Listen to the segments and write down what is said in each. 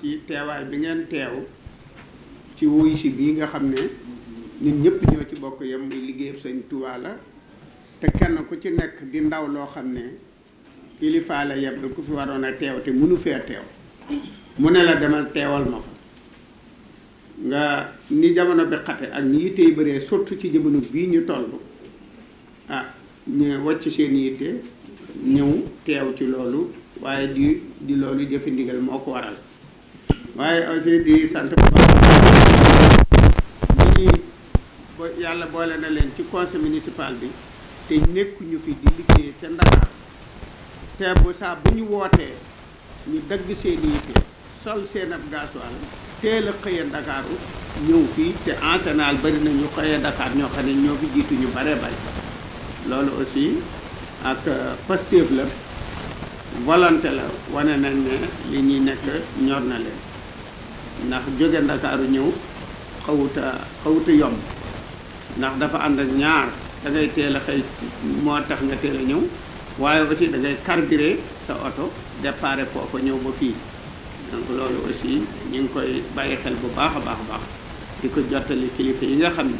ci teewaay bi ngeen teew ci wuy si bii nga xam ne nit ñëpp ñoo ci bokk yam muy liggéeyam sëñ Tuubaa la te kenn ku ci nekk di ndaw loo xam ne kilifaa la yebal ku fi waroon a teew te mënu fee teew mu ne la demal teewal ma fa nga ni jamono bi xate ak ni yitte yi bëree surtout ci jamono bii ñu toll ah ñu wàcc seen yitte ñëw teew ci loolu waaye di di loolu jëfe ndigal moo ko waral waaye aussi di sant bu baax yàlla boole na leen ci conseil municipal bi te ñu fi di liggéey te Ndakaar te bu saa bu ñu wootee ñu dagg seen yitte sol seen ab gasoil teel a xëya Ndakaaru ñëw fii te en général bari na ñu xëya Dakar ñoo xam ne ñoo fi jiitu ñu bare bari loolu aussi ak euh, Pastef la volonté la wane nañ ne li ñuy nekk ñor na leen ndax jóge ndakaaru ñëw xawuta xawuta yomb ndax dafa ànd ñaar da ngay a xëy moo tax nga teel a ñëw waaye aussi da ngay carburé sa oto déparé foofa ñëw ba fii donc loolu ñu ngi koy bàyyi xel bu baax a baax a baax di ko jottali kilifa yi nga xam ne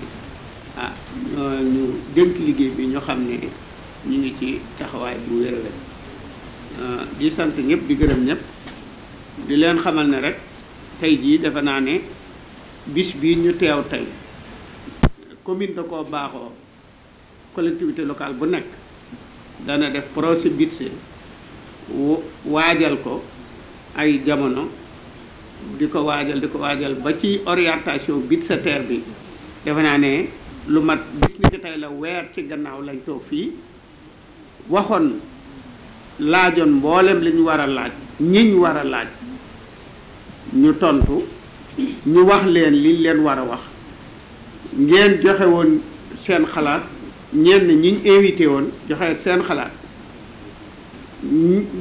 ah ñu dénk liggéey bi ñu xam ne ñu ngi ci taxawaay bu wér-wér euh, di sant ñëpp di gërëm ñëpp di leen xamal ne rek tey jii defe naa ne bis bii ñu teew tey commune da koo baaxoo collectivité locale bu nekk dana def projet budget waajal ko ay jamono di ko waajal di ko waajal ba ci orientation budgétaire bi defe naa ne lu mat bis ni tey la weer ci gannaaw lañ toog fii waxoon laajoon mboolem li ñu war a laaj ñiñ war a laaj ñu tontu ñu wax leen liñ leen war a wax ngeen joxewoon seen xalaat ñenn ñi ñu invité woon joxe seen xalaat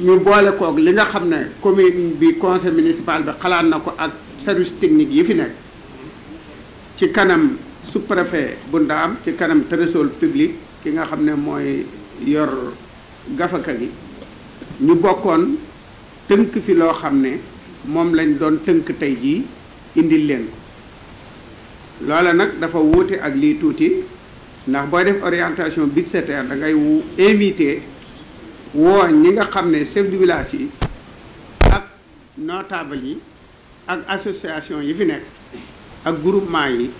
ñu boole kook li nga xam ne commune bi conseil municipal bi xalaat na ko ak service technique yi fi nekk ci kanam sous-préfet bu Ndaam ci kanam trésor public ki nga xam ne mooy yor gafaka gi ñu bokkoon tënk fi loo xam ne moom lañ doon tënk tey jii indil leen ko loola nag dafa wuute ak lii tuuti ndax booy def orientation budgétaire da ngay invité woo ñi nga xam ne chef du village yi ak notable yi ak association yi fi nekk ak groupement yi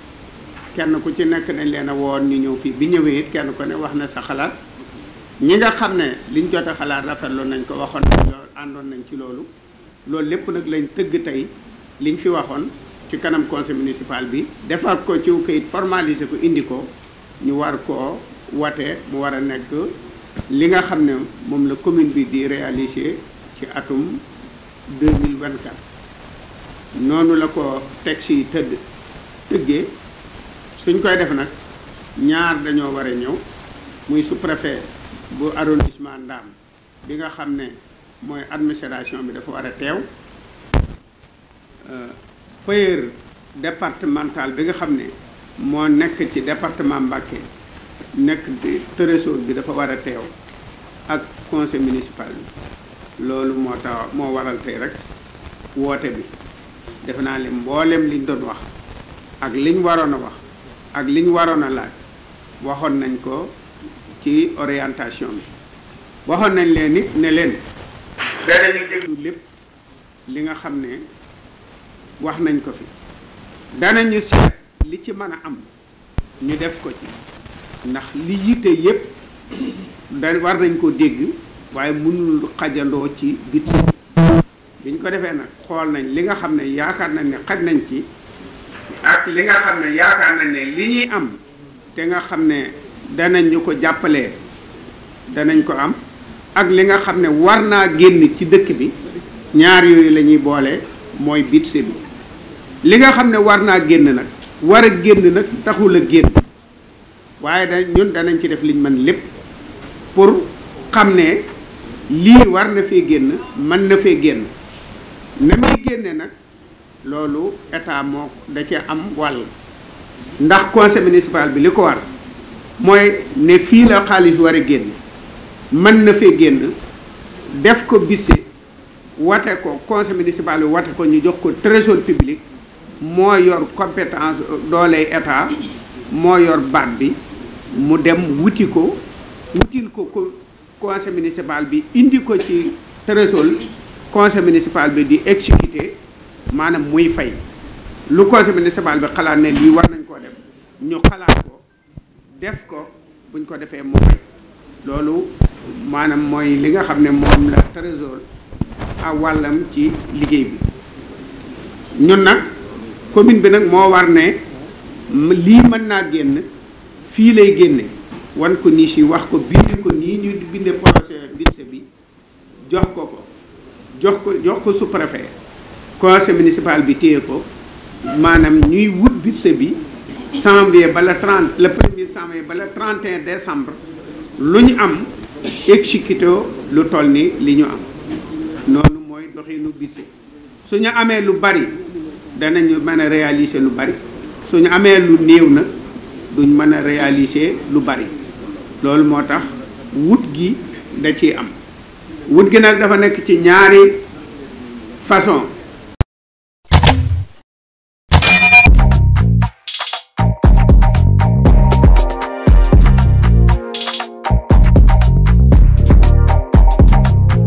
kenn ku ci nekk dañ leen a woon ñu ñëw fii bi ñëwee kenn ku ne wax na sa xalaat ñi nga xam ne liñ jote a xalaat rafetlu nañ ko waxoon nañ àndoon nañ ci loolu loolu lépp nag lañ tëgg tey liñ fi waxoon ci kanam conseil municipal bi defar ko ci kayit formaliser ko indi ko ñu war ko wate mu war a nekk li nga xam ne moom la commune bi di réaliser ci atum 2024 noonu la ko texte yi tëdd tëggee suñ koy def nag ñaar dañoo war ñëw muy sous-préfet bu arrondissement Ndam bi nga xam ne mooy administration bi dafa war a teew euh, payeur départemental bi nga xam ne moo nekk ci département Mbacké nekk trésor bi dafa war a teew ak conseil municipal bi loolu moo tax moo waral tey rek woote bi defe naa li mboolem liñ doon wax ak liñ waroon a wax ak liñ waroon a laaj waxoon nañ ko ci orientation bi waxoon nañ leen it ne leen danañu déglu lépp li nga xam ne wax nañ ko fi danañu seet li ci mën a am ñu def ko ci ndax li yitte yépp da war nañ ko dégg waaye mënul xajandoo ci bit biñ ko defee nag xool nañ li nga xam ne yaakaar nañ ne xaj nañ ci ak li nga xam ne yaakaar nañ ne li ñuy am te nga xam ne danañ ñu ko jàppalee danañ ko am ak li nga xam ne war naa génn ci dëkk bi ñaar yooyu lañuy boole mooy bit sebi li nga xam ne war naa génn nag war a génn nag taxul a génn waaye da ñun danañ ci def liñ mën lépp pour xam ne lii war na fee génn mën na fee génn na muy génne nag loolu état moo da ci am wàll ndax conseil municipal bi li ko war mooy ne fii la xaalis war a génn mën na fee génn def ko budget wate ko conseil municipal bi wate ko ñu jox ko trésor public moo yor compétence dooley état moo yor baat bi mu dem wuti ko wutil ko ko conseil municipal bi indi ko ci trésor conseil municipal bi di exécuter maanaam muy fay lu conseil municipal bi xalaat ne lii war nañ koo def ñu xalaat ko def ko buñ ko defee mu fay loolu maanaam mooy li nga xam ne moom la trésor a wàllam ci liggéey bi ñun nag commune bi nag moo war ne lii mën naa génn fii lay génne wan ko ni si wax ko bind ko nii ñu binde projet budget bi jox ko ko jox ko jox ko sous-préfet conseil municipal ko maanaam ñuy wut budget bi janvier ba le 30 le premier janvier ba le 31 décembre lu ñu am exécuté lu toll ni li ñu am noonu mooy doxinu budget su ñu amee lu bari danañu mën a réaliser lu bari su ñu amee lu néew na duñ mën a réaliser lu bari loolu moo tax wut gi da ciy am wut gi nag dafa nekk ci ñaari façon